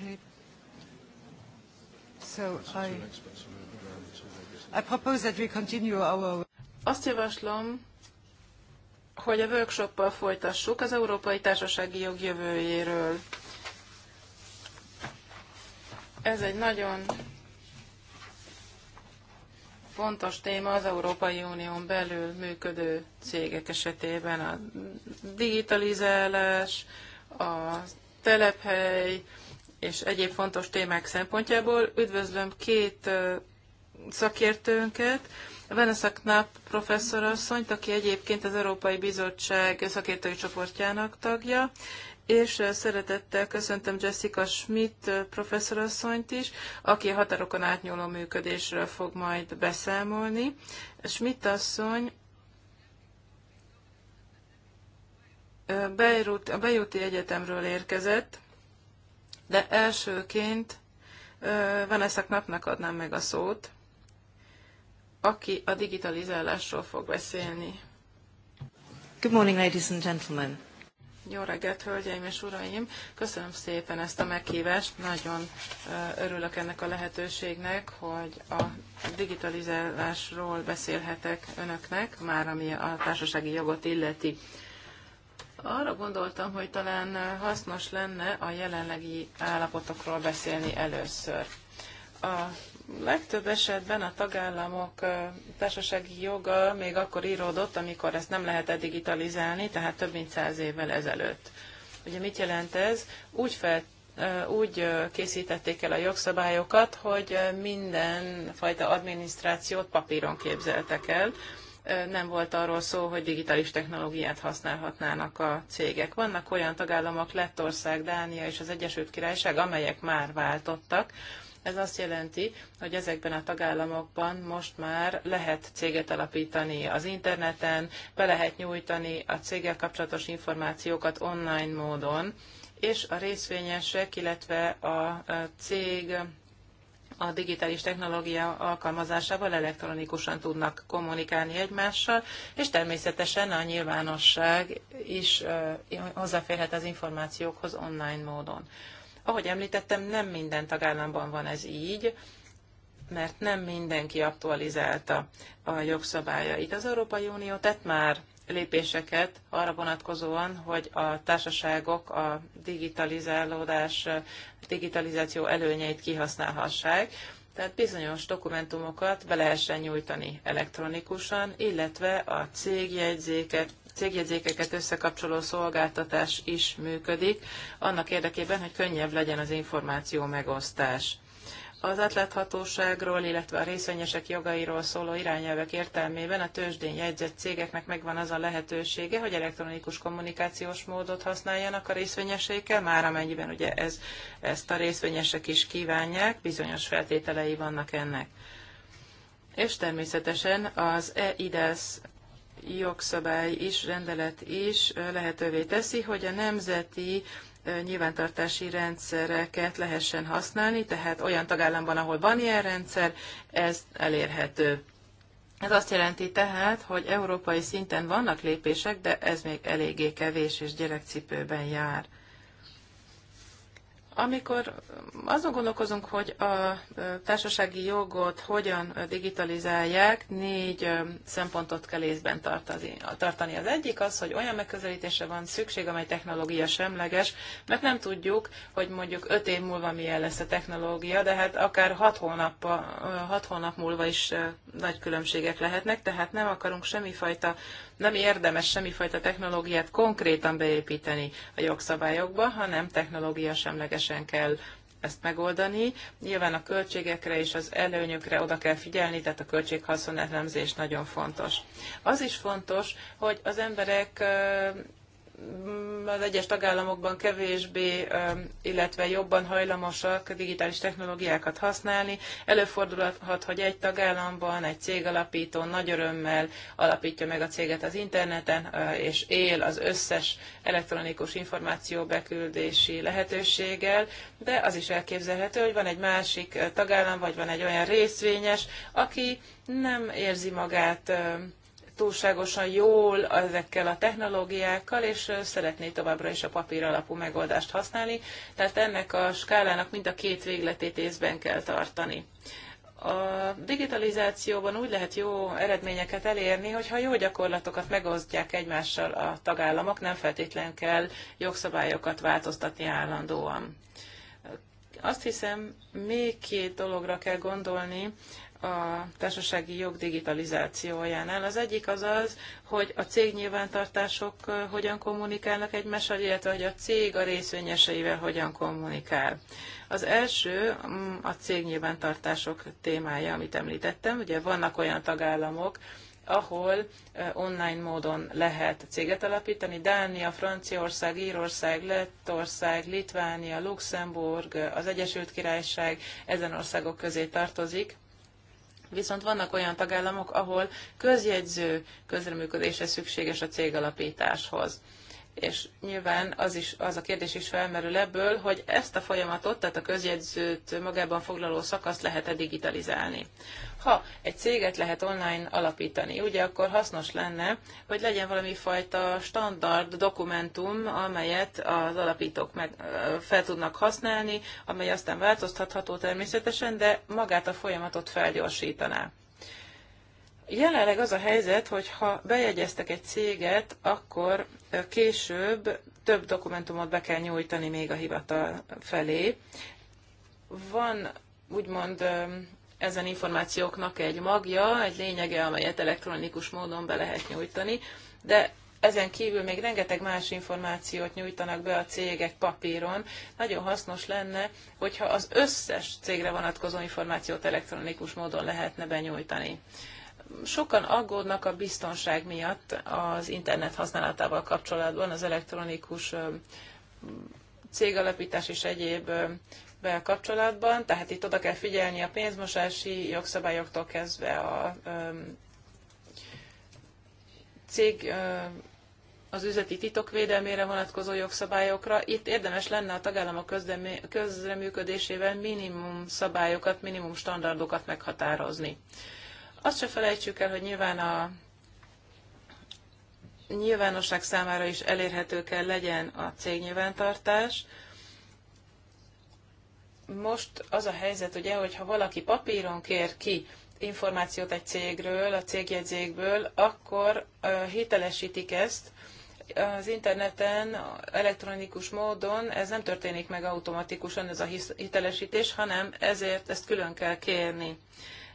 tape. So I, I propose that we continue our... Azt javaslom, hogy a workshoppal folytassuk az Európai Társasági Jog jövőjéről. Ez egy nagyon fontos téma az Európai Unión belül működő cégek esetében a digitalizálás, a telephely, és egyéb fontos témák szempontjából. Üdvözlöm két szakértőnket, Vanessa Knapp professzorasszonyt, aki egyébként az Európai Bizottság szakértői csoportjának tagja, és szeretettel köszöntöm Jessica Schmidt professzorasszonyt is, aki a határokon átnyúló működésről fog majd beszámolni. Schmidt asszony Beirut, a Bejúti Egyetemről érkezett, de elsőként Vanessa napnak adnám meg a szót, aki a digitalizálásról fog beszélni. Good morning, ladies and gentlemen. Jó reggelt, hölgyeim és uraim! Köszönöm szépen ezt a meghívást. Nagyon örülök ennek a lehetőségnek, hogy a digitalizálásról beszélhetek önöknek, már ami a társasági jogot illeti. Arra gondoltam, hogy talán hasznos lenne a jelenlegi állapotokról beszélni először. A legtöbb esetben a tagállamok társasági joga még akkor íródott, amikor ezt nem lehetett digitalizálni, tehát több mint száz évvel ezelőtt. Ugye mit jelent ez? Úgy fel úgy készítették el a jogszabályokat, hogy minden fajta adminisztrációt papíron képzeltek el, nem volt arról szó, hogy digitális technológiát használhatnának a cégek. Vannak olyan tagállamok, Lettország, Dánia és az Egyesült Királyság, amelyek már váltottak. Ez azt jelenti, hogy ezekben a tagállamokban most már lehet céget alapítani az interneten, be lehet nyújtani a céggel kapcsolatos információkat online módon, és a részvényesek, illetve a cég a digitális technológia alkalmazásával elektronikusan tudnak kommunikálni egymással, és természetesen a nyilvánosság is hozzáférhet az információkhoz online módon. Ahogy említettem, nem minden tagállamban van ez így, mert nem mindenki aktualizálta a jogszabályait. Az Európai Unió tett már lépéseket arra vonatkozóan, hogy a társaságok a digitalizálódás, digitalizáció előnyeit kihasználhassák. Tehát bizonyos dokumentumokat be lehessen nyújtani elektronikusan, illetve a cégjegyzéket, cégjegyzékeket összekapcsoló szolgáltatás is működik, annak érdekében, hogy könnyebb legyen az információ megosztás. Az átláthatóságról, illetve a részvényesek jogairól szóló irányelvek értelmében a tőzsdén jegyzett cégeknek megvan az a lehetősége, hogy elektronikus kommunikációs módot használjanak a részvényesékkel, már amennyiben ugye ez, ezt a részvényesek is kívánják, bizonyos feltételei vannak ennek. És természetesen az EIDES jogszabály is, rendelet is lehetővé teszi, hogy a nemzeti nyilvántartási rendszereket lehessen használni, tehát olyan tagállamban, ahol van ilyen rendszer, ez elérhető. Ez azt jelenti tehát, hogy európai szinten vannak lépések, de ez még eléggé kevés és gyerekcipőben jár. Amikor azon gondolkozunk, hogy a társasági jogot hogyan digitalizálják, négy szempontot kell észben tartani. Az egyik az, hogy olyan megközelítése van szükség, amely technológia semleges, mert nem tudjuk, hogy mondjuk öt év múlva milyen lesz a technológia, de hát akár hat hónap, hat hónap múlva is nagy különbségek lehetnek, tehát nem akarunk semmifajta nem érdemes semmifajta technológiát konkrétan beépíteni a jogszabályokba, hanem technológia semlegesen kell ezt megoldani. Nyilván a költségekre és az előnyökre oda kell figyelni, tehát a költséghaszon elemzés nagyon fontos. Az is fontos, hogy az emberek az egyes tagállamokban kevésbé, illetve jobban hajlamosak digitális technológiákat használni. Előfordulhat, hogy egy tagállamban egy cég alapító nagy örömmel alapítja meg a céget az interneten, és él az összes elektronikus információ beküldési lehetőséggel, de az is elképzelhető, hogy van egy másik tagállam, vagy van egy olyan részvényes, aki nem érzi magát túlságosan jól ezekkel a technológiákkal, és szeretné továbbra is a papír alapú megoldást használni. Tehát ennek a skálának mind a két végletét észben kell tartani. A digitalizációban úgy lehet jó eredményeket elérni, hogyha jó gyakorlatokat megosztják egymással a tagállamok, nem feltétlenül kell jogszabályokat változtatni állandóan. Azt hiszem, még két dologra kell gondolni, a társasági jog digitalizációjánál. Az egyik az az, hogy a cég nyilvántartások hogyan kommunikálnak egymással, illetve hogy a cég a részvényeseivel hogyan kommunikál. Az első mm, a cég nyilvántartások témája, amit említettem. Ugye vannak olyan tagállamok, ahol online módon lehet céget alapítani. Dánia, Franciaország, Írország, Lettország, Litvánia, Luxemburg, az Egyesült Királyság ezen országok közé tartozik Viszont vannak olyan tagállamok, ahol közjegyző közreműködése szükséges a cégalapításhoz és nyilván az, is, az a kérdés is felmerül ebből, hogy ezt a folyamatot, tehát a közjegyzőt magában foglaló szakaszt lehet-e digitalizálni. Ha egy céget lehet online alapítani, ugye akkor hasznos lenne, hogy legyen valami fajta standard dokumentum, amelyet az alapítók meg, fel tudnak használni, amely aztán változtatható természetesen, de magát a folyamatot felgyorsítaná. Jelenleg az a helyzet, hogy ha bejegyeztek egy céget, akkor később több dokumentumot be kell nyújtani még a hivatal felé. Van úgymond ezen információknak egy magja, egy lényege, amelyet elektronikus módon be lehet nyújtani, de ezen kívül még rengeteg más információt nyújtanak be a cégek papíron. Nagyon hasznos lenne, hogyha az összes cégre vonatkozó információt elektronikus módon lehetne benyújtani sokan aggódnak a biztonság miatt az internet használatával kapcsolatban, az elektronikus cégalapítás és egyéb kapcsolatban, tehát itt oda kell figyelni a pénzmosási jogszabályoktól kezdve a cég az üzleti titokvédelmére vonatkozó jogszabályokra. Itt érdemes lenne a tagállamok közreműködésével minimum szabályokat, minimum standardokat meghatározni. Azt se felejtsük el, hogy nyilván a nyilvánosság számára is elérhető kell legyen a cégnyilvántartás. Most az a helyzet, ugye, hogy ha valaki papíron kér ki információt egy cégről, a cégjegyzékből, akkor hitelesítik ezt, az interneten elektronikus módon ez nem történik meg automatikusan, ez a hitelesítés, hanem ezért ezt külön kell kérni.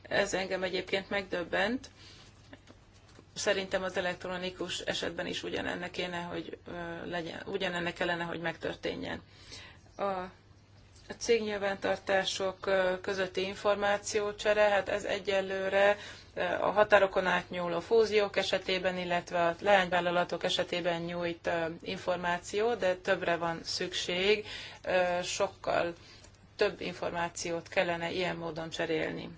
Ez engem egyébként megdöbbent. Szerintem az elektronikus esetben is ugyanennek kéne, hogy legyen, ugyanennek kellene, hogy megtörténjen. A a cégnyilvántartások közötti információcsere, hát ez egyelőre a határokon átnyúló fúziók esetében, illetve a leányvállalatok esetében nyújt információ, de többre van szükség, sokkal több információt kellene ilyen módon cserélni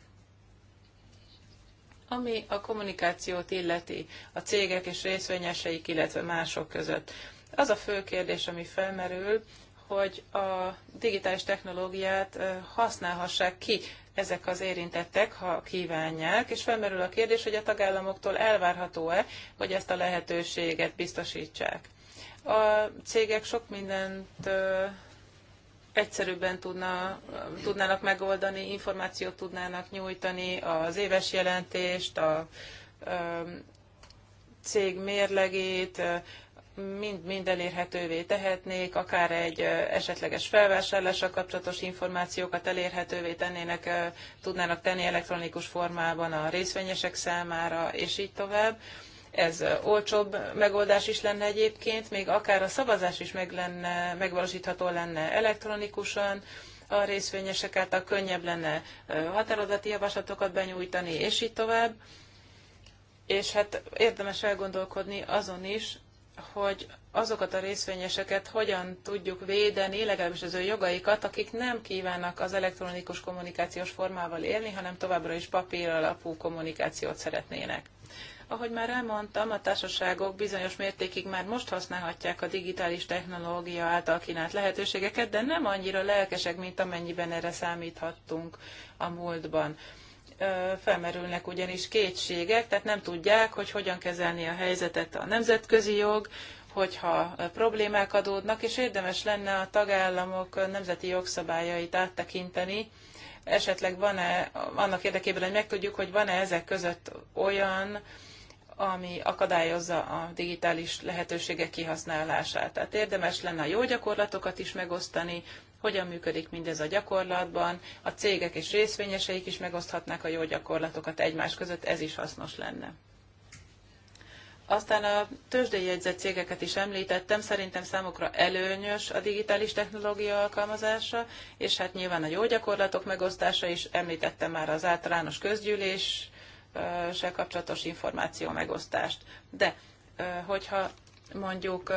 ami a kommunikációt illeti a cégek és részvényeseik, illetve mások között. Az a fő kérdés, ami felmerül, hogy a digitális technológiát használhassák ki ezek az érintettek, ha kívánják, és felmerül a kérdés, hogy a tagállamoktól elvárható-e, hogy ezt a lehetőséget biztosítsák. A cégek sok mindent egyszerűbben tudna, tudnának megoldani, információt tudnának nyújtani, az éves jelentést, a, a cég mérlegét, mind, mind elérhetővé tehetnék, akár egy esetleges felvásárlással kapcsolatos információkat elérhetővé tennének, tudnának tenni elektronikus formában a részvényesek számára, és így tovább. Ez olcsóbb megoldás is lenne egyébként, még akár a szavazás is meg lenne, megvalósítható lenne elektronikusan, a részvényesek által könnyebb lenne határozati javaslatokat benyújtani, és így tovább. És hát érdemes elgondolkodni azon is, hogy azokat a részvényeseket hogyan tudjuk védeni, legalábbis az ő jogaikat, akik nem kívánnak az elektronikus kommunikációs formával élni, hanem továbbra is papír alapú kommunikációt szeretnének. Ahogy már elmondtam, a társaságok bizonyos mértékig már most használhatják a digitális technológia által kínált lehetőségeket, de nem annyira lelkesek, mint amennyiben erre számíthattunk a múltban felmerülnek ugyanis kétségek, tehát nem tudják, hogy hogyan kezelni a helyzetet a nemzetközi jog, hogyha problémák adódnak, és érdemes lenne a tagállamok nemzeti jogszabályait áttekinteni, esetleg van-e, annak érdekében, hogy megtudjuk, hogy van-e ezek között olyan ami akadályozza a digitális lehetőségek kihasználását. Tehát érdemes lenne a jó gyakorlatokat is megosztani, hogyan működik mindez a gyakorlatban, a cégek és részvényeseik is megoszthatnák a jó gyakorlatokat egymás között, ez is hasznos lenne. Aztán a tőzsdei jegyzett cégeket is említettem, szerintem számukra előnyös a digitális technológia alkalmazása, és hát nyilván a jó gyakorlatok megosztása is, említettem már az általános közgyűlés se kapcsolatos információ megosztást. De hogyha mondjuk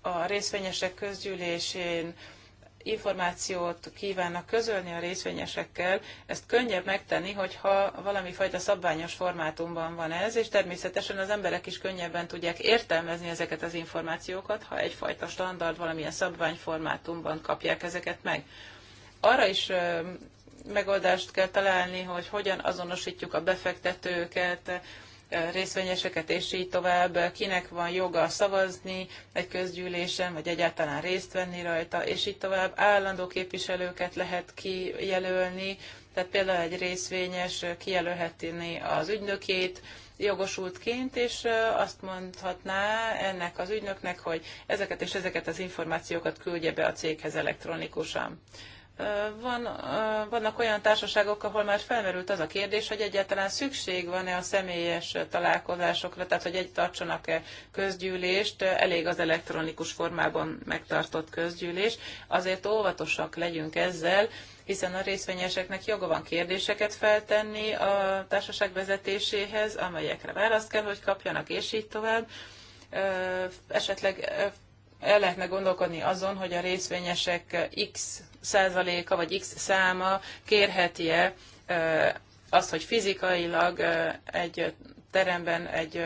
a részvényesek közgyűlésén információt kívánnak közölni a részvényesekkel, ezt könnyebb megtenni, hogyha valami fajta szabványos formátumban van ez, és természetesen az emberek is könnyebben tudják értelmezni ezeket az információkat, ha egyfajta standard, valamilyen szabványformátumban kapják ezeket meg. Arra is megoldást kell találni, hogy hogyan azonosítjuk a befektetőket, részvényeseket, és így tovább, kinek van joga szavazni egy közgyűlésen, vagy egyáltalán részt venni rajta, és így tovább állandó képviselőket lehet kijelölni, tehát például egy részvényes kijelölhetni az ügynökét, jogosultként, és azt mondhatná ennek az ügynöknek, hogy ezeket és ezeket az információkat küldje be a céghez elektronikusan van, vannak olyan társaságok, ahol már felmerült az a kérdés, hogy egyáltalán szükség van-e a személyes találkozásokra, tehát hogy egy tartsanak-e közgyűlést, elég az elektronikus formában megtartott közgyűlés. Azért óvatosak legyünk ezzel, hiszen a részvényeseknek joga van kérdéseket feltenni a társaság vezetéséhez, amelyekre választ kell, hogy kapjanak, és így tovább. Esetleg el lehetne gondolkodni azon, hogy a részvényesek X százaléka vagy x száma kérheti-e azt, hogy fizikailag egy teremben egy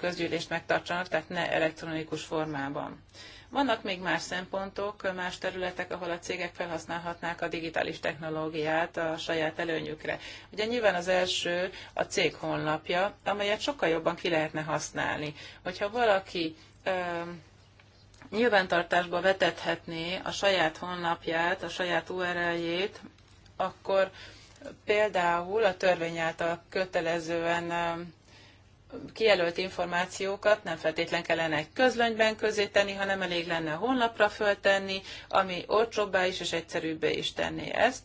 közgyűlést megtartsanak, tehát ne elektronikus formában. Vannak még más szempontok, más területek, ahol a cégek felhasználhatnák a digitális technológiát a saját előnyükre. Ugye nyilván az első a cég honlapja, amelyet sokkal jobban ki lehetne használni. Hogyha valaki nyilvántartásba vetethetné a saját honlapját, a saját URL-jét, akkor például a törvény által kötelezően um, kijelölt információkat nem feltétlen kellene egy közlönyben közé tenni, hanem elég lenne a honlapra föltenni, ami olcsóbbá is és egyszerűbbé is tenni ezt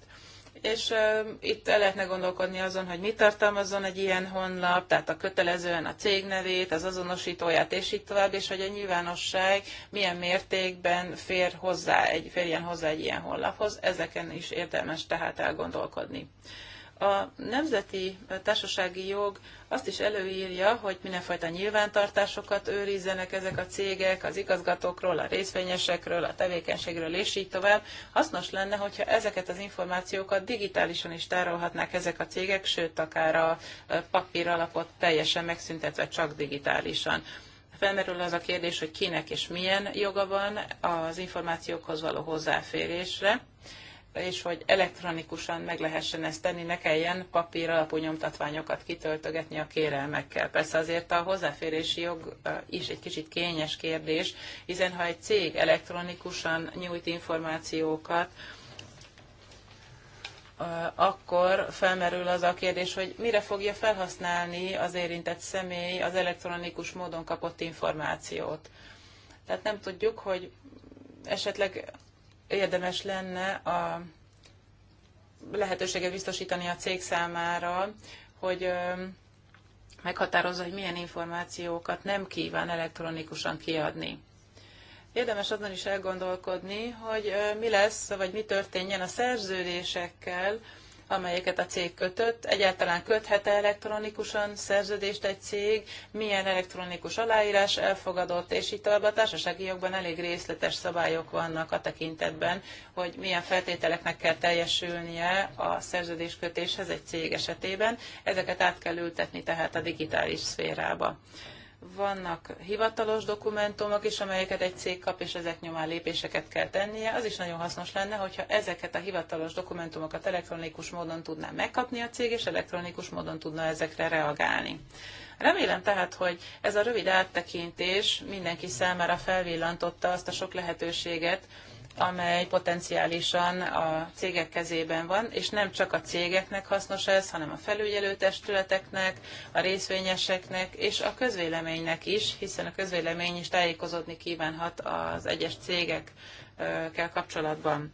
és itt el lehetne gondolkodni azon, hogy mit tartalmazzon egy ilyen honlap, tehát a kötelezően a cég nevét, az azonosítóját, és így tovább, és hogy a nyilvánosság milyen mértékben fér hozzá egy, férjen hozzá egy ilyen honlaphoz, ezeken is érdemes tehát elgondolkodni. A nemzeti társasági jog azt is előírja, hogy mindenfajta nyilvántartásokat őrizzenek ezek a cégek, az igazgatókról, a részvényesekről, a tevékenységről, és így tovább. Hasznos lenne, hogyha ezeket az információkat digitálisan is tárolhatnák ezek a cégek, sőt, akár a papír alapot teljesen megszüntetve csak digitálisan. Felmerül az a kérdés, hogy kinek és milyen joga van az információkhoz való hozzáférésre és hogy elektronikusan meg lehessen ezt tenni, ne kelljen papír alapú nyomtatványokat kitöltögetni a kérelmekkel. Persze azért a hozzáférési jog is egy kicsit kényes kérdés, hiszen ha egy cég elektronikusan nyújt információkat, akkor felmerül az a kérdés, hogy mire fogja felhasználni az érintett személy az elektronikus módon kapott információt. Tehát nem tudjuk, hogy esetleg érdemes lenne a lehetőséget biztosítani a cég számára, hogy meghatározza, hogy milyen információkat nem kíván elektronikusan kiadni. Érdemes azon is elgondolkodni, hogy mi lesz, vagy mi történjen a szerződésekkel, amelyeket a cég kötött. Egyáltalán köthet -e elektronikusan szerződést egy cég, milyen elektronikus aláírás elfogadott, és itt a társasági jogban elég részletes szabályok vannak a tekintetben, hogy milyen feltételeknek kell teljesülnie a szerződéskötéshez egy cég esetében. Ezeket át kell ültetni tehát a digitális szférába vannak hivatalos dokumentumok is, amelyeket egy cég kap, és ezek nyomán lépéseket kell tennie. Az is nagyon hasznos lenne, hogyha ezeket a hivatalos dokumentumokat elektronikus módon tudná megkapni a cég, és elektronikus módon tudna ezekre reagálni. Remélem tehát, hogy ez a rövid áttekintés mindenki számára felvillantotta azt a sok lehetőséget, amely potenciálisan a cégek kezében van, és nem csak a cégeknek hasznos ez, hanem a felügyelőtestületeknek, a részvényeseknek és a közvéleménynek is, hiszen a közvélemény is tájékozódni kívánhat az egyes cégekkel kapcsolatban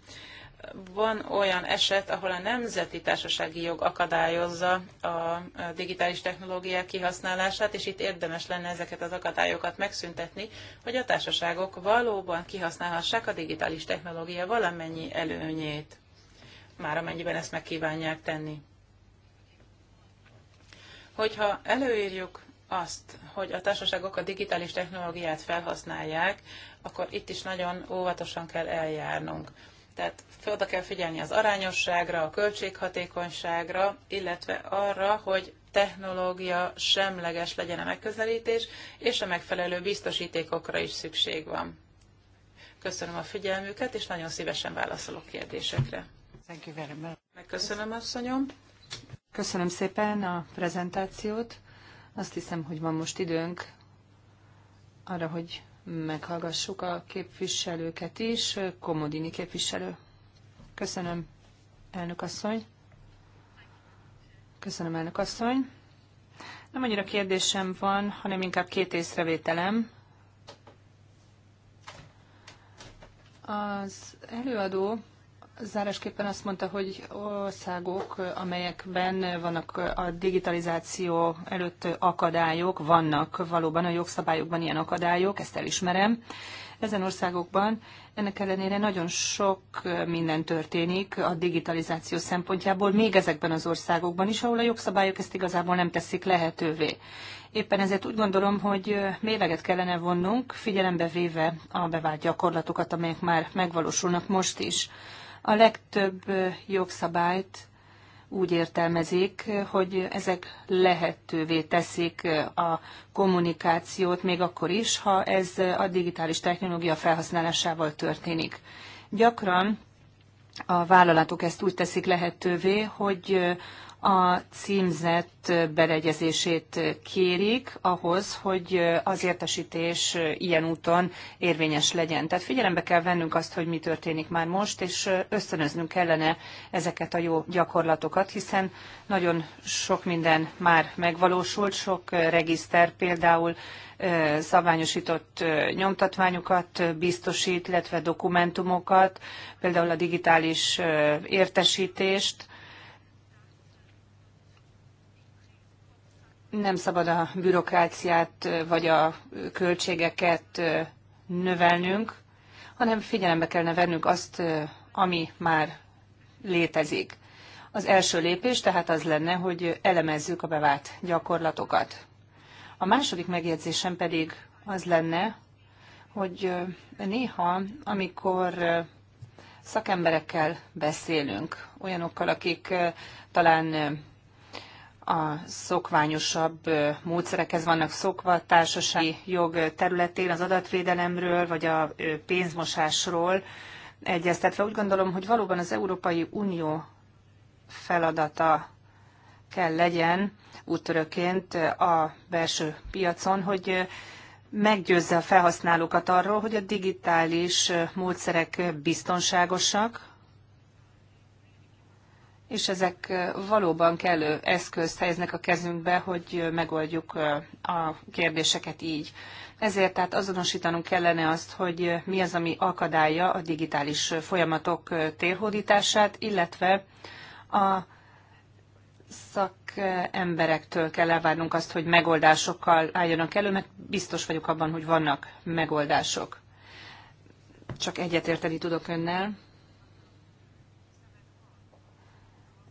van olyan eset, ahol a nemzeti társasági jog akadályozza a digitális technológiák kihasználását, és itt érdemes lenne ezeket az akadályokat megszüntetni, hogy a társaságok valóban kihasználhassák a digitális technológia valamennyi előnyét, már amennyiben ezt megkívánják tenni. Hogyha előírjuk azt, hogy a társaságok a digitális technológiát felhasználják, akkor itt is nagyon óvatosan kell eljárnunk tehát oda kell figyelni az arányosságra, a költséghatékonyságra, illetve arra, hogy technológia semleges legyen a megközelítés, és a megfelelő biztosítékokra is szükség van. Köszönöm a figyelmüket, és nagyon szívesen válaszolok kérdésekre. Thank you very much. Megköszönöm, asszonyom. Köszönöm szépen a prezentációt. Azt hiszem, hogy van most időnk arra, hogy meghallgassuk a képviselőket is. Komodini képviselő. Köszönöm, elnök asszony. Köszönöm, elnök asszony. Nem annyira kérdésem van, hanem inkább két észrevételem. Az előadó Zárásképpen azt mondta, hogy országok, amelyekben vannak a digitalizáció előtt akadályok, vannak valóban a jogszabályokban ilyen akadályok, ezt elismerem. Ezen országokban ennek ellenére nagyon sok minden történik a digitalizáció szempontjából, még ezekben az országokban is, ahol a jogszabályok ezt igazából nem teszik lehetővé. Éppen ezért úgy gondolom, hogy méveget kellene vonnunk, figyelembe véve a bevált gyakorlatokat, amelyek már megvalósulnak most is. A legtöbb jogszabályt úgy értelmezik, hogy ezek lehetővé teszik a kommunikációt, még akkor is, ha ez a digitális technológia felhasználásával történik. Gyakran a vállalatok ezt úgy teszik lehetővé, hogy a címzett beleegyezését kérik ahhoz, hogy az értesítés ilyen úton érvényes legyen. Tehát figyelembe kell vennünk azt, hogy mi történik már most, és ösztönöznünk kellene ezeket a jó gyakorlatokat, hiszen nagyon sok minden már megvalósult, sok regiszter például szabványosított nyomtatványokat biztosít, illetve dokumentumokat, például a digitális értesítést, Nem szabad a bürokráciát vagy a költségeket növelnünk, hanem figyelembe kellene vennünk azt, ami már létezik. Az első lépés tehát az lenne, hogy elemezzük a bevált gyakorlatokat. A második megjegyzésem pedig az lenne, hogy néha, amikor szakemberekkel beszélünk, olyanokkal, akik talán a szokványosabb módszerekhez vannak szokva, társasági jog területén az adatvédelemről, vagy a pénzmosásról egyeztetve. Úgy gondolom, hogy valóban az Európai Unió feladata kell legyen úttörőként a belső piacon, hogy meggyőzze a felhasználókat arról, hogy a digitális módszerek biztonságosak, és ezek valóban kellő eszközt helyeznek a kezünkbe, hogy megoldjuk a kérdéseket így. Ezért tehát azonosítanunk kellene azt, hogy mi az, ami akadálya a digitális folyamatok térhódítását, illetve a szakemberektől kell elvárnunk azt, hogy megoldásokkal álljanak elő, mert biztos vagyok abban, hogy vannak megoldások. Csak egyetérteni tudok önnel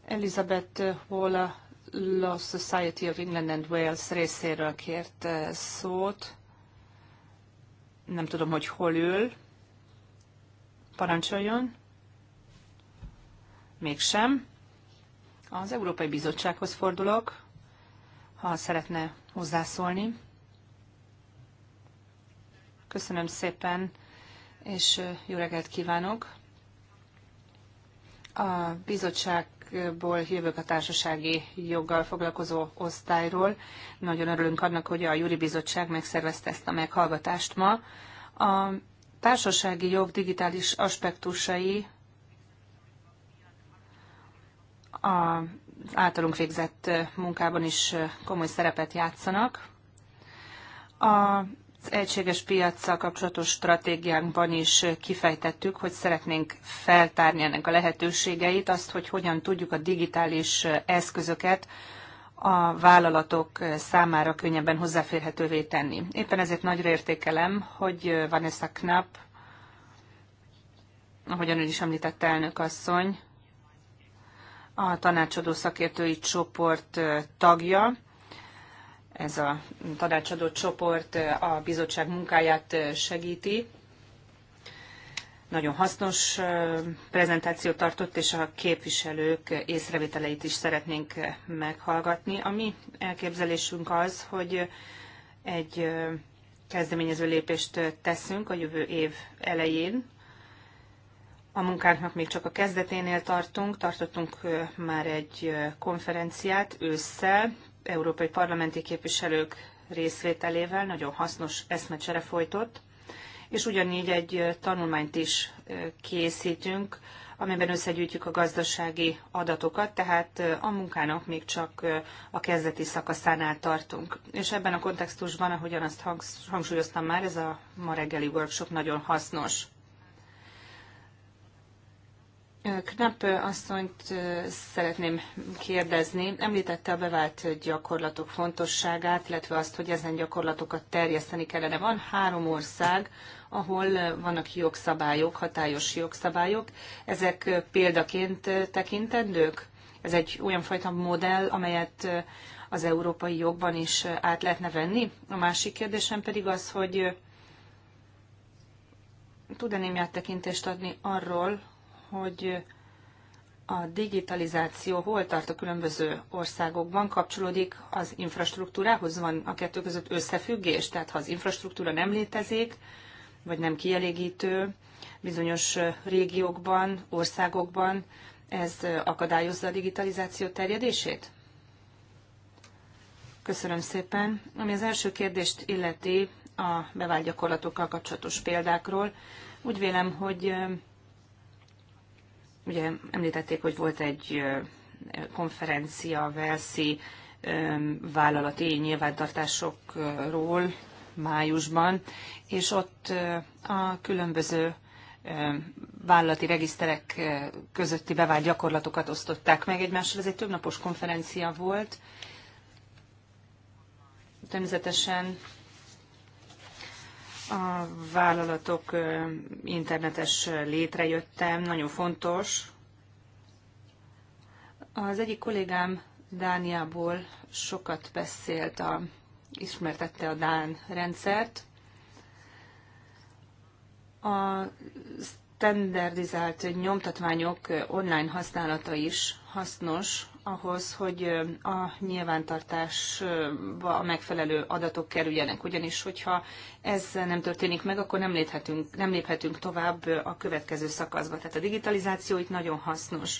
Elizabeth Walla Law Society of England and Wales részéről kért eh, szót. Nem tudom, hogy hol ül. Parancsoljon. Mégsem. Az Európai Bizottsághoz fordulok, ha szeretne hozzászólni. Köszönöm szépen, és eh, jó reggelt kívánok! A bizottság Bizottságból jövök a társasági joggal foglalkozó osztályról. Nagyon örülünk annak, hogy a Júri Bizottság megszervezte ezt a meghallgatást ma. A társasági jog digitális aspektusai az általunk végzett munkában is komoly szerepet játszanak. A egységes piacsal kapcsolatos stratégiánkban is kifejtettük, hogy szeretnénk feltárni ennek a lehetőségeit, azt, hogy hogyan tudjuk a digitális eszközöket a vállalatok számára könnyebben hozzáférhetővé tenni. Éppen ezért nagyra értékelem, hogy Vanessa Knapp, ahogyan ő is említette elnök asszony, a tanácsadó szakértői csoport tagja, ez a tanácsadó csoport a bizottság munkáját segíti. Nagyon hasznos prezentációt tartott, és a képviselők észrevételeit is szeretnénk meghallgatni. A mi elképzelésünk az, hogy egy kezdeményező lépést teszünk a jövő év elején. A munkánknak még csak a kezdeténél tartunk, tartottunk már egy konferenciát ősszel, európai parlamenti képviselők részvételével nagyon hasznos eszmecsere folytott, és ugyanígy egy tanulmányt is készítünk, amiben összegyűjtjük a gazdasági adatokat, tehát a munkának még csak a kezdeti szakaszánál tartunk. És ebben a kontextusban, ahogyan azt hangsúlyoztam már, ez a ma reggeli workshop nagyon hasznos. Knapp asszonyt szeretném kérdezni. Említette a bevált gyakorlatok fontosságát, illetve azt, hogy ezen gyakorlatokat terjeszteni kellene. Van három ország, ahol vannak jogszabályok, hatályos jogszabályok. Ezek példaként tekintendők? Ez egy olyan fajta modell, amelyet az európai jogban is át lehetne venni? A másik kérdésem pedig az, hogy tud-e némi áttekintést adni arról, hogy a digitalizáció hol tart a különböző országokban, kapcsolódik az infrastruktúrához, van a kettő között összefüggés, tehát ha az infrastruktúra nem létezik, vagy nem kielégítő bizonyos régiókban, országokban, ez akadályozza a digitalizáció terjedését? Köszönöm szépen. Ami az első kérdést illeti a bevált gyakorlatokkal kapcsolatos példákról, úgy vélem, hogy Ugye említették, hogy volt egy konferencia Velszi vállalati nyilvántartásokról májusban, és ott a különböző vállalati regiszterek közötti bevált gyakorlatokat osztották meg egymással. Ez egy többnapos konferencia volt. Természetesen a vállalatok internetes létrejöttem, nagyon fontos. Az egyik kollégám Dániából sokat beszélt, a, ismertette a Dán rendszert. A standardizált nyomtatványok online használata is hasznos ahhoz, hogy a nyilvántartásba a megfelelő adatok kerüljenek. Ugyanis, hogyha ez nem történik meg, akkor nem, léphetünk, nem léphetünk tovább a következő szakaszba. Tehát a digitalizáció itt nagyon hasznos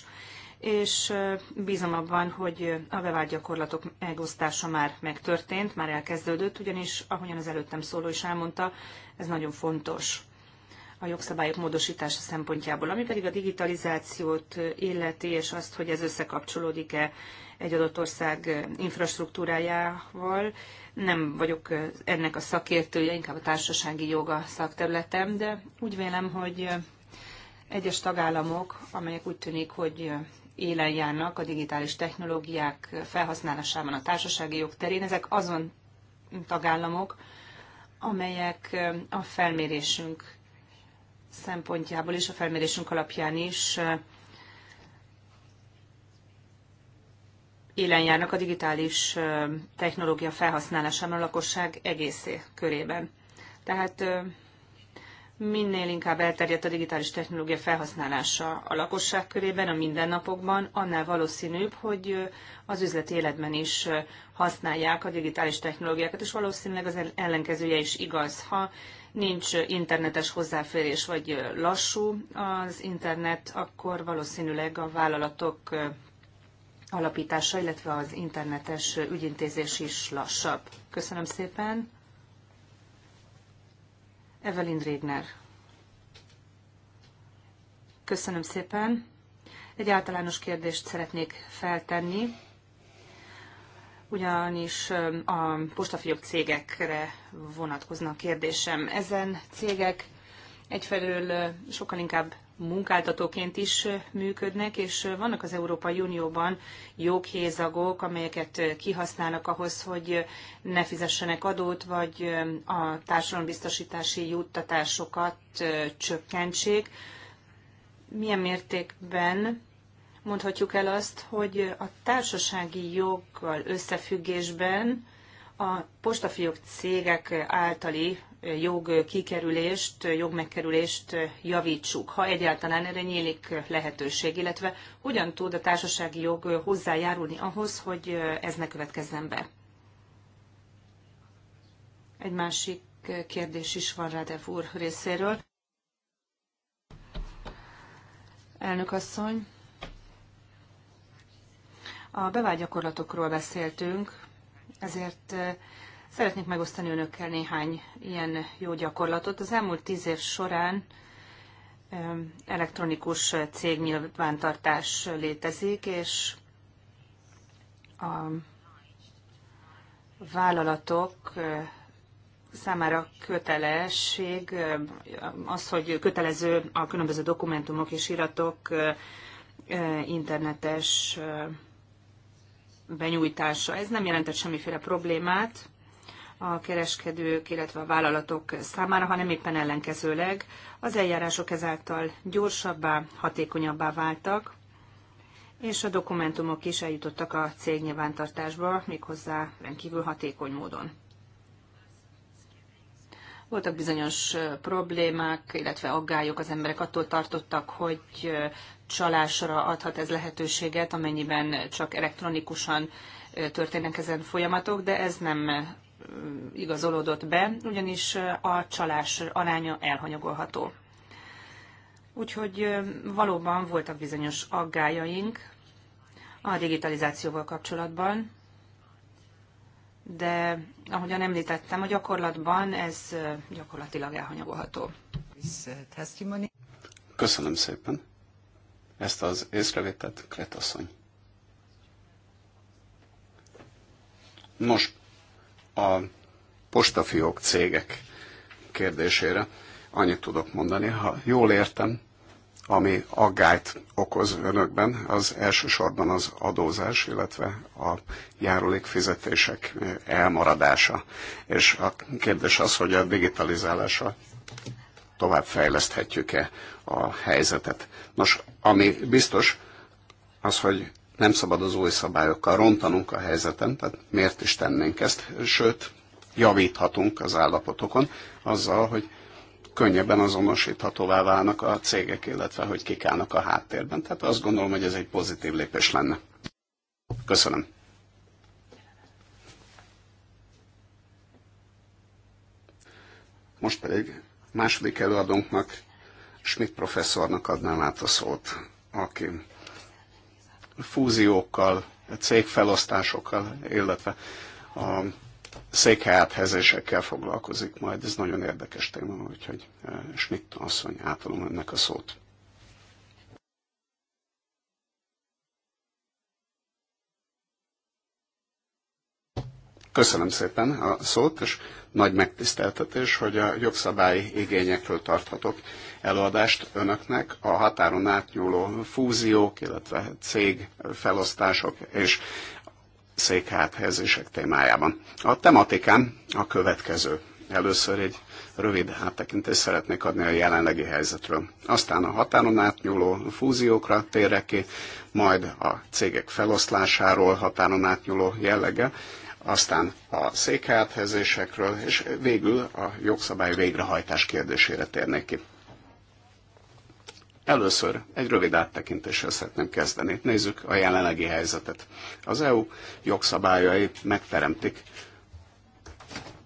és bízom abban, hogy a bevált gyakorlatok megosztása már megtörtént, már elkezdődött, ugyanis, ahogyan az előttem szóló is elmondta, ez nagyon fontos a jogszabályok módosítása szempontjából. Ami pedig a digitalizációt illeti, és azt, hogy ez összekapcsolódik-e egy adott ország infrastruktúrájával, nem vagyok ennek a szakértője, inkább a társasági joga szakterületem, de úgy vélem, hogy egyes tagállamok, amelyek úgy tűnik, hogy élen járnak a digitális technológiák felhasználásában a társasági jog terén, ezek azon tagállamok, amelyek a felmérésünk szempontjából és a felmérésünk alapján is élen járnak a digitális technológia felhasználásában a lakosság egész körében. Tehát minél inkább elterjedt a digitális technológia felhasználása a lakosság körében, a mindennapokban, annál valószínűbb, hogy az üzleti életben is használják a digitális technológiákat, és valószínűleg az ellenkezője is igaz. Ha nincs internetes hozzáférés, vagy lassú az internet, akkor valószínűleg a vállalatok alapítása, illetve az internetes ügyintézés is lassabb. Köszönöm szépen. Evelyn Régner. Köszönöm szépen. Egy általános kérdést szeretnék feltenni ugyanis a postafiók cégekre vonatkozna kérdésem. Ezen cégek egyfelől sokkal inkább munkáltatóként is működnek, és vannak az Európai Unióban joghézagok, amelyeket kihasználnak ahhoz, hogy ne fizessenek adót, vagy a társadalombiztosítási juttatásokat csökkentsék. Milyen mértékben mondhatjuk el azt, hogy a társasági joggal összefüggésben a postafiók cégek általi jog kikerülést, jog javítsuk, ha egyáltalán erre nyílik lehetőség, illetve hogyan tud a társasági jog hozzájárulni ahhoz, hogy ez ne következzen be. Egy másik kérdés is van Rádev úr részéről. Elnök asszony, a bevágyakorlatokról beszéltünk, ezért szeretnék megosztani önökkel néhány ilyen jó gyakorlatot. Az elmúlt tíz év során elektronikus cégnyilvántartás létezik, és a vállalatok számára kötelesség az, hogy kötelező a különböző dokumentumok és iratok internetes benyújtása. Ez nem jelentett semmiféle problémát a kereskedők, illetve a vállalatok számára, hanem éppen ellenkezőleg az eljárások ezáltal gyorsabbá, hatékonyabbá váltak, és a dokumentumok is eljutottak a cég nyilvántartásba, méghozzá rendkívül hatékony módon. Voltak bizonyos problémák, illetve aggályok, az emberek attól tartottak, hogy csalásra adhat ez lehetőséget, amennyiben csak elektronikusan történnek ezen folyamatok, de ez nem igazolódott be, ugyanis a csalás aránya elhanyagolható. Úgyhogy valóban voltak bizonyos aggájaink a digitalizációval kapcsolatban, de ahogyan említettem, a gyakorlatban ez gyakorlatilag elhanyagolható. Köszönöm szépen ezt az észrevételt, Kretasszony. Nos, a postafiók cégek kérdésére annyit tudok mondani, ha jól értem, ami aggályt okoz önökben, az elsősorban az adózás, illetve a járulékfizetések eh, elmaradása. És a kérdés az, hogy a digitalizálása tovább fejleszthetjük-e a helyzetet. Nos, ami biztos, az, hogy nem szabad az új szabályokkal rontanunk a helyzeten, tehát miért is tennénk ezt, sőt, javíthatunk az állapotokon azzal, hogy könnyebben azonosíthatóvá válnak a cégek, illetve hogy kik állnak a háttérben. Tehát azt gondolom, hogy ez egy pozitív lépés lenne. Köszönöm. Most pedig második előadónknak, Schmidt professzornak adnám át a szót, aki fúziókkal, cégfelosztásokkal, illetve a székhelyát hezésekkel foglalkozik majd. Ez nagyon érdekes téma, úgyhogy e, Schmidt asszony, átadom ennek a szót. Köszönöm szépen a szót, és nagy megtiszteltetés, hogy a jogszabályi igényekről tarthatok előadást önöknek a határon átnyúló fúziók, illetve cég felosztások és helyezések témájában. A tematikám a következő. Először egy rövid áttekintést szeretnék adni a jelenlegi helyzetről. Aztán a határon átnyúló fúziókra térek ki, majd a cégek feloszlásáról határon átnyúló jellege, aztán a helyezésekről, és végül a jogszabály végrehajtás kérdésére térnék ki. Először egy rövid áttekintéssel szeretném kezdeni. Nézzük a jelenlegi helyzetet. Az EU jogszabályai megteremtik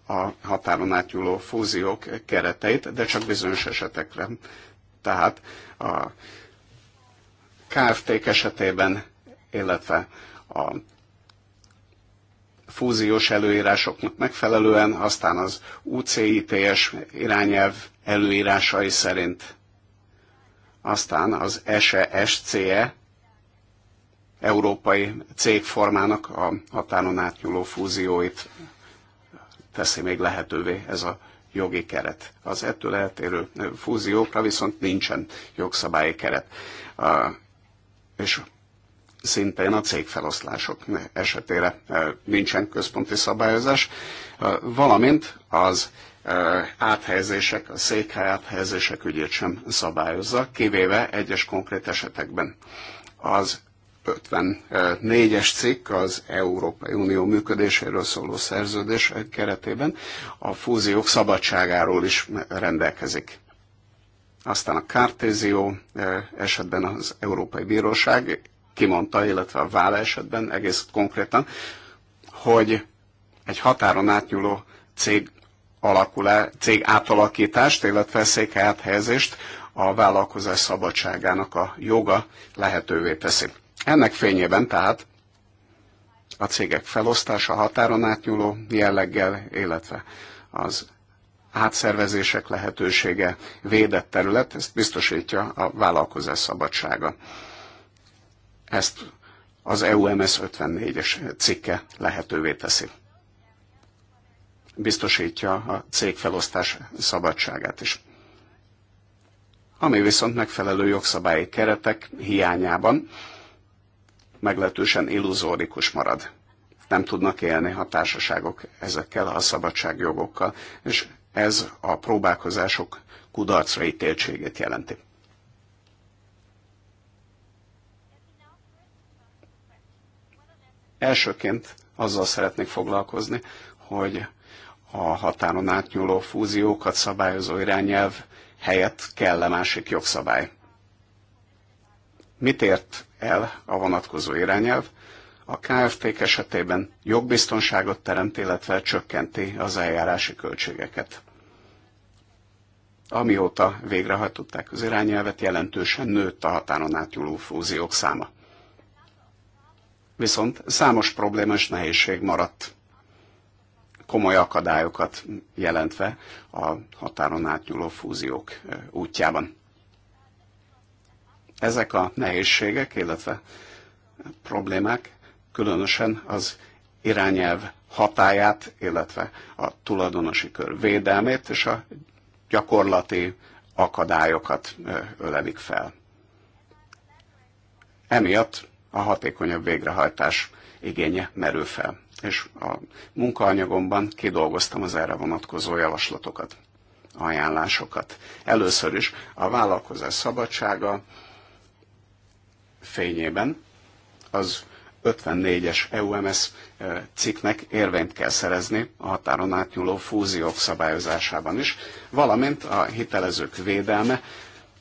a határon átnyúló fúziók kereteit, de csak bizonyos esetekre. Tehát a kft esetében, illetve a fúziós előírásoknak megfelelően, aztán az UCITS irányelv előírásai szerint aztán az SESCE e, európai cégformának a határon átnyúló fúzióit teszi még lehetővé ez a jogi keret. Az ettől eltérő fúziókra viszont nincsen jogszabályi keret. És szintén a cégfeloszlások esetére e, nincsen központi szabályozás, e, valamint az áthelyezések, a székhely áthelyezések ügyét sem szabályozza, kivéve egyes konkrét esetekben. Az 54-es cikk az Európai Unió működéséről szóló szerződés keretében a fúziók szabadságáról is rendelkezik. Aztán a Kártézió esetben az Európai Bíróság kimondta, illetve a Vála esetben egész konkrétan, hogy egy határon átnyúló cég alakulá, e cég átalakítást, illetve székhely áthelyezést a vállalkozás szabadságának a joga lehetővé teszi. Ennek fényében tehát a cégek felosztása határon átnyúló jelleggel, illetve az átszervezések lehetősége, védett terület, ezt biztosítja a vállalkozás szabadsága. Ezt az EUMS 54-es cikke lehetővé teszi biztosítja a cégfelosztás szabadságát is. Ami viszont megfelelő jogszabályi keretek hiányában meglehetősen illuzórikus marad. Nem tudnak élni a társaságok ezekkel a szabadságjogokkal, és ez a próbálkozások kudarcra ítéltségét jelenti. Elsőként azzal szeretnék foglalkozni, hogy a határon átnyúló fúziókat szabályozó irányelv helyett kell -e másik jogszabály. Mit ért el a vonatkozó irányelv? A KFT esetében jogbiztonságot teremt, illetve csökkenti az eljárási költségeket. Amióta végrehajtották az irányelvet, jelentősen nőtt a határon átnyúló fúziók száma. Viszont számos problémás nehézség maradt komoly akadályokat jelentve a határon átnyúló fúziók útjában. Ezek a nehézségek, illetve problémák különösen az irányelv hatáját, illetve a tulajdonosi kör védelmét és a gyakorlati akadályokat ölelik fel. Emiatt a hatékonyabb végrehajtás igénye merül fel és a munkaanyagomban kidolgoztam az erre vonatkozó javaslatokat, ajánlásokat. Először is a vállalkozás szabadsága fényében az 54-es EUMS eh, cikknek érvényt kell szerezni a határon átnyúló fúziók szabályozásában is, valamint a hitelezők védelme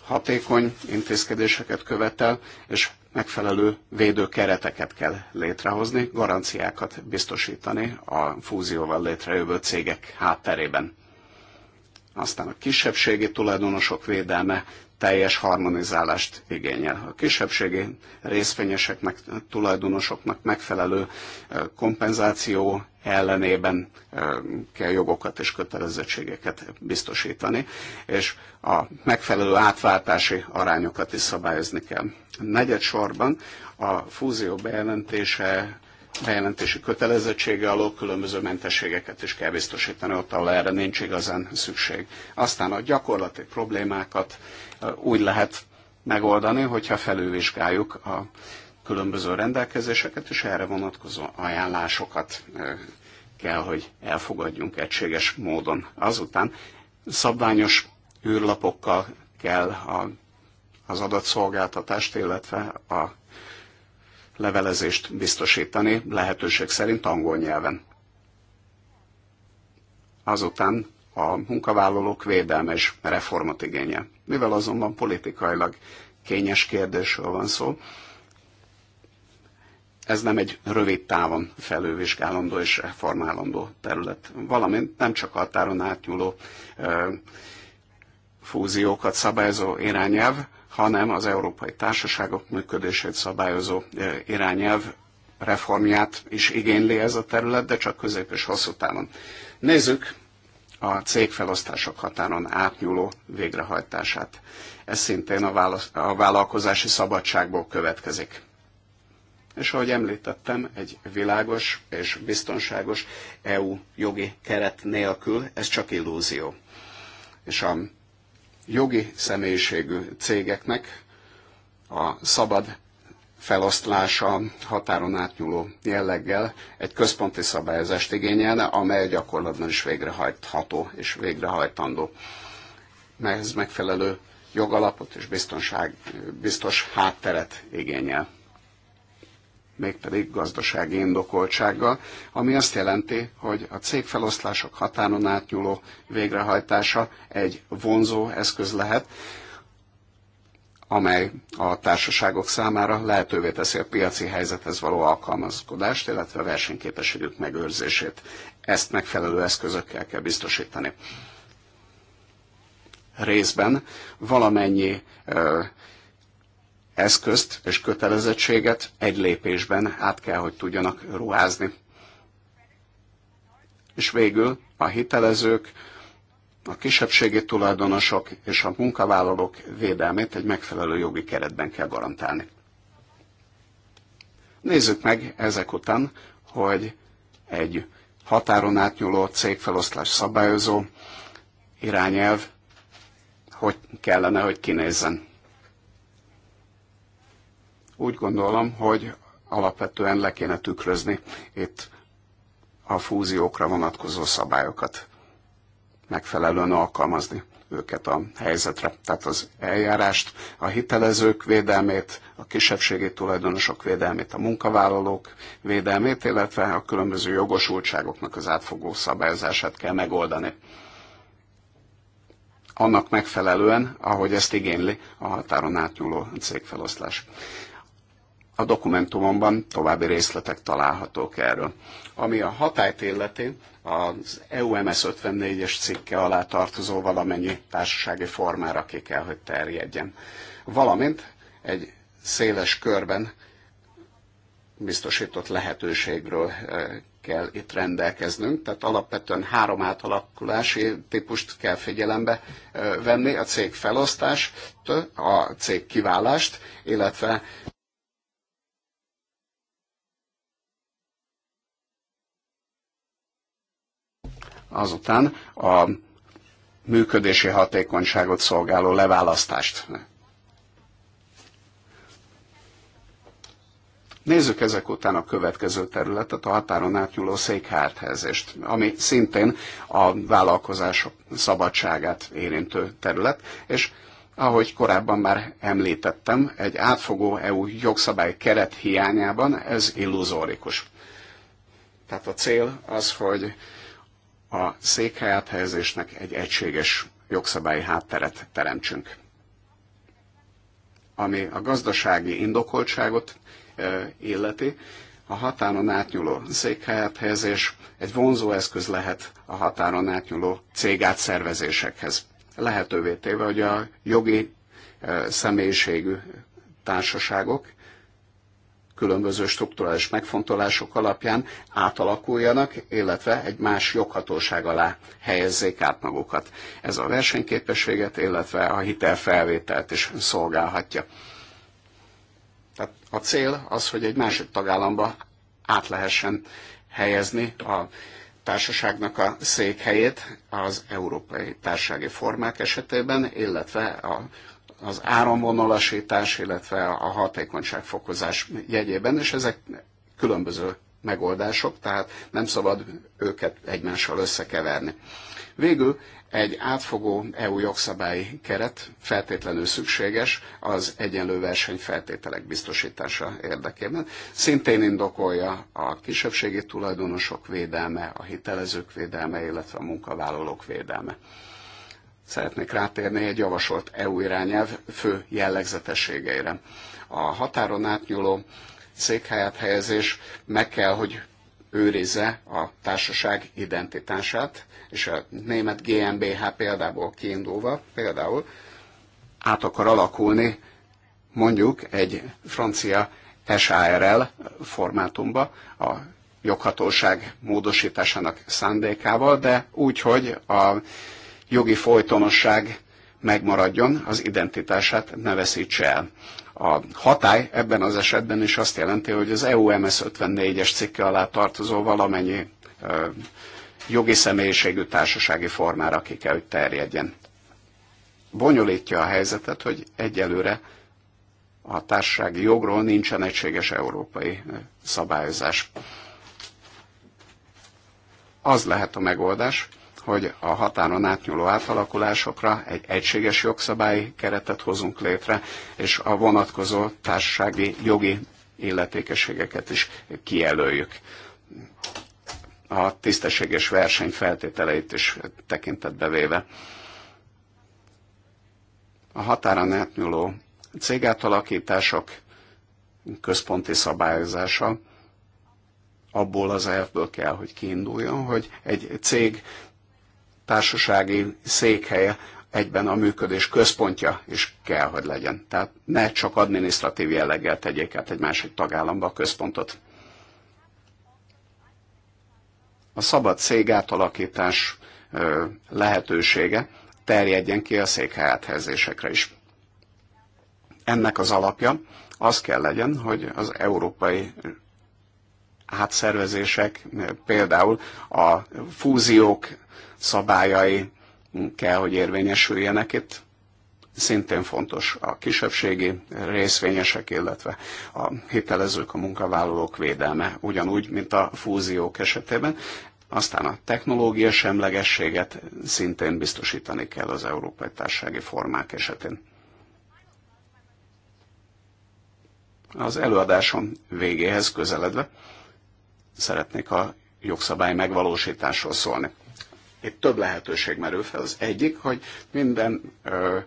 hatékony intézkedéseket követel, és megfelelő védőkereteket kell létrehozni, garanciákat biztosítani a fúzióval létrejövő cégek hátterében. Aztán a kisebbségi tulajdonosok védelme teljes harmonizálást igényel. A kisebbségi részvényeseknek, tulajdonosoknak megfelelő kompenzáció ellenében kell jogokat és kötelezettségeket biztosítani, és a megfelelő átváltási arányokat is szabályozni kell. Negyed sorban a fúzió bejelentése bejelentési kötelezettsége alól különböző mentességeket is kell biztosítani ott, ahol erre nincs igazán szükség. Aztán a gyakorlati problémákat úgy lehet megoldani, hogyha felülvizsgáljuk a különböző rendelkezéseket, és erre vonatkozó ajánlásokat kell, hogy elfogadjunk egységes módon. Azután szabványos űrlapokkal kell a, az adatszolgáltatást, illetve a levelezést biztosítani, lehetőség szerint angol nyelven. Azután a munkavállalók védelme és reformat igénye. Mivel azonban politikailag kényes kérdésről van szó, ez nem egy rövid távon felülvizsgálandó és reformálandó terület, valamint nem csak határon átnyúló fúziókat szabályozó irányelv, hanem az európai társaságok működését szabályozó e, irányelv reformját is igényli ez a terület, de csak közép és hosszú távon. Nézzük a cégfelosztások határon átnyúló végrehajtását. Ez szintén a, a vállalkozási szabadságból következik. És ahogy említettem, egy világos és biztonságos EU jogi keret nélkül ez csak illúzió. És a jogi személyiségű cégeknek a szabad felosztlása határon átnyúló jelleggel egy központi szabályozást igényelne, amely gyakorlatban is végrehajtható és végrehajtandó. Ehhez megfelelő jogalapot és biztonság, biztos hátteret igényel mégpedig gazdasági indokoltsággal, ami azt jelenti, hogy a cégfeloszlások határon átnyúló végrehajtása egy vonzó eszköz lehet, amely a társaságok számára lehetővé teszi a piaci helyzethez való alkalmazkodást, illetve a versenyképességük megőrzését. Ezt megfelelő eszközökkel kell biztosítani. Részben valamennyi eszközt és kötelezettséget egy lépésben át kell, hogy tudjanak ruházni. És végül a hitelezők, a kisebbségi tulajdonosok és a munkavállalók védelmét egy megfelelő jogi keretben kell garantálni. Nézzük meg ezek után, hogy egy határon átnyúló cégfeloszlás szabályozó irányelv hogy kellene, hogy kinézzen. Úgy gondolom, hogy alapvetően le kéne tükrözni itt a fúziókra vonatkozó szabályokat, megfelelően alkalmazni őket a helyzetre. Tehát az eljárást, a hitelezők védelmét, a kisebbségi tulajdonosok védelmét, a munkavállalók védelmét, illetve a különböző jogosultságoknak az átfogó szabályozását kell megoldani. Annak megfelelően, ahogy ezt igényli a határon átnyúló cégfeloszlás. A dokumentumomban további részletek találhatók erről. Ami a hatályt illeti, az EUMS 54-es cikke alá tartozó valamennyi társasági formára ki kell, hogy terjedjen. Valamint egy széles körben biztosított lehetőségről eh, kell itt rendelkeznünk, tehát alapvetően három átalakulási típust kell figyelembe eh, venni, a cég felosztást, a cég kiválást, illetve azután a működési hatékonyságot szolgáló leválasztást. Nézzük ezek után a következő területet, a határon átnyúló székhárthezést, ami szintén a vállalkozások szabadságát érintő terület, és ahogy korábban már említettem, egy átfogó EU jogszabály keret hiányában ez illuzórikus. Tehát a cél az, hogy a székhelyáthelyezésnek egy egységes jogszabályi hátteret teremtsünk, ami a gazdasági indokoltságot illeti. A határon átnyúló székhely egy vonzó eszköz lehet a határon átnyúló cégátszervezésekhez, Lehetővé téve, hogy a jogi személyiségű társaságok különböző strukturális megfontolások alapján átalakuljanak, illetve egy más joghatóság alá helyezzék át magukat. Ez a versenyképességet, illetve a hitelfelvételt is szolgálhatja. Tehát a cél az, hogy egy másik tagállamba át lehessen helyezni a társaságnak a székhelyét az európai társasági formák esetében, illetve a az áramvonalasítás, illetve a hatékonyságfokozás jegyében, és ezek különböző megoldások, tehát nem szabad őket egymással összekeverni. Végül egy átfogó EU jogszabályi keret feltétlenül szükséges az egyenlő feltételek biztosítása érdekében. Szintén indokolja a kisebbségi tulajdonosok védelme, a hitelezők védelme, illetve a munkavállalók védelme szeretnék rátérni egy javasolt EU irányelv fő jellegzetességeire. A határon átnyúló székhelyet helyezés meg kell, hogy őrizze a társaság identitását, és a német GmbH példából kiindulva például át akar alakulni mondjuk egy francia SARL formátumba a joghatóság módosításának szándékával, de úgy, hogy a jogi folytonosság megmaradjon, az identitását ne veszítse el. A hatály ebben az esetben is azt jelenti, hogy az EUMS 54-es cikke alá tartozó valamennyi jogi személyiségű társasági formára ki kell, hogy terjedjen. Bonyolítja a helyzetet, hogy egyelőre a társasági jogról nincsen egységes európai szabályozás. Az lehet a megoldás, hogy a határon átnyúló átalakulásokra egy egységes jogszabályi keretet hozunk létre, és a vonatkozó társasági jogi illetékességeket is kijelöljük. A tisztességes verseny feltételeit is tekintetbe véve. A határon átnyúló cégátalakítások központi szabályozása abból az elvből kell, hogy kiinduljon, hogy egy cég társasági székhelye egyben a működés központja is kell, hogy legyen. Tehát ne csak adminisztratív jelleggel tegyék át egy másik tagállamba a központot. A szabad cég átalakítás lehetősége terjedjen ki a székhelyáthelyezésekre is. Ennek az alapja az kell legyen, hogy az európai átszervezések, például a fúziók szabályai kell, hogy érvényesüljenek itt. Szintén fontos a kisebbségi részvényesek, illetve a hitelezők, a munkavállalók védelme, ugyanúgy, mint a fúziók esetében. Aztán a technológia semlegességet szintén biztosítani kell az európai társasági formák esetén. Az előadásom végéhez közeledve szeretnék a jogszabály megvalósításról szólni. Itt több lehetőség merül fel. Az egyik, hogy minden ö,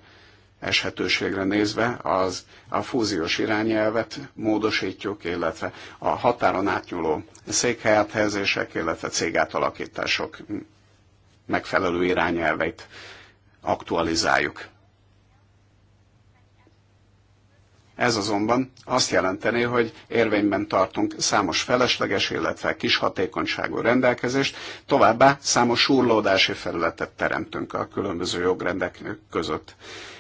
eshetőségre nézve az, a fúziós irányelvet módosítjuk, illetve a határon átnyúló székhelyáthelyezések, illetve cégátalakítások megfelelő irányelveit aktualizáljuk. Ez azonban azt jelenteni, hogy érvényben tartunk számos felesleges, illetve kis hatékonyságú rendelkezést, továbbá számos súrlódási felületet teremtünk a különböző jogrendek között.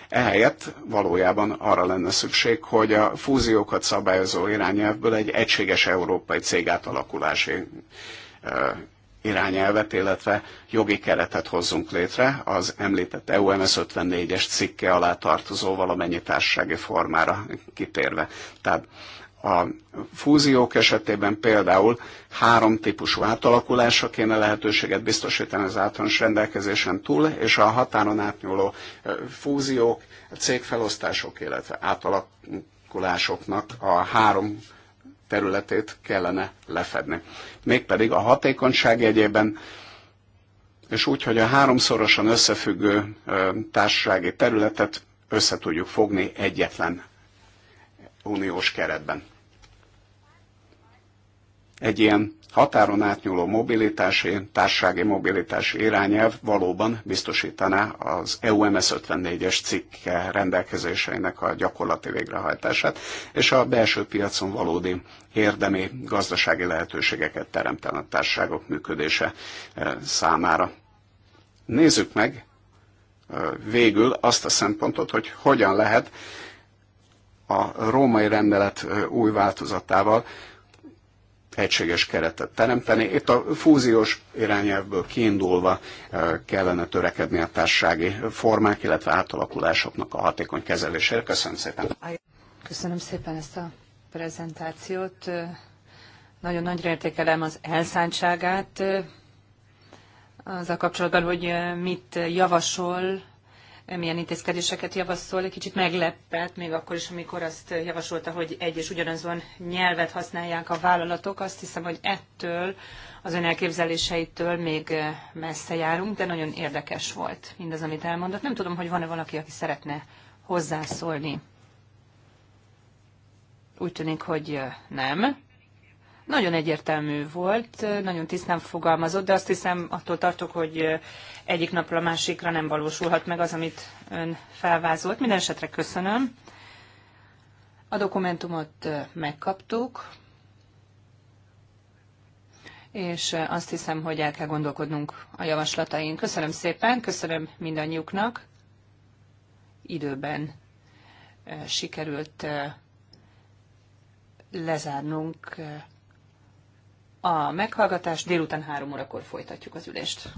Ehelyett valójában arra lenne szükség, hogy a fúziókat szabályozó irányelvből egy egységes európai cégátalakulási irányelvet, illetve jogi keretet hozzunk létre az említett EUMS 54-es cikke alá tartozó valamennyi társasági formára kitérve. Tehát a fúziók esetében például három típusú átalakulásra kéne lehetőséget biztosítani az általános rendelkezésen túl, és a határon átnyúló fúziók, cégfelosztások, illetve átalakulásoknak a három területét kellene lefedni. Mégpedig a hatékonyság jegyében, és úgy, hogy a háromszorosan összefüggő társasági területet össze tudjuk fogni egyetlen uniós keretben egy ilyen határon átnyúló mobilitási, társági mobilitási irányelv valóban biztosítaná az EUMS 54-es cikke rendelkezéseinek a gyakorlati végrehajtását, és a belső piacon valódi érdemi gazdasági lehetőségeket teremtene a társaságok működése eh, számára. Nézzük meg eh, végül azt a szempontot, hogy hogyan lehet a római rendelet eh, új változatával egységes keretet teremteni. Itt a fúziós irányelvből kiindulva eh, kellene törekedni a társasági formák, illetve átalakulásoknak a hatékony kezelésére. Köszönöm szépen! Köszönöm szépen ezt a prezentációt. Nagyon nagyra értékelem az elszántságát eh, az a kapcsolatban, hogy eh, mit javasol milyen intézkedéseket javasol. Egy kicsit meglepett, még akkor is, amikor azt javasolta, hogy egy és ugyanazon nyelvet használják a vállalatok. Azt hiszem, hogy ettől, az ön elképzeléseitől még eh, messze járunk, de nagyon érdekes volt mindaz, amit elmondott. Nem tudom, hogy van-e valaki, aki szeretne hozzászólni. Úgy tűnik, hogy eh, nem nagyon egyértelmű volt, nagyon tisztán fogalmazott, de azt hiszem attól tartok, hogy egyik napra a másikra nem valósulhat meg az, amit ön felvázolt. Minden esetre köszönöm. A dokumentumot megkaptuk, és azt hiszem, hogy el kell gondolkodnunk a javaslatain. Köszönöm szépen, köszönöm mindannyiuknak. Időben eh, sikerült eh, lezárnunk eh, a meghallgatást, délután három órakor folytatjuk az ülést.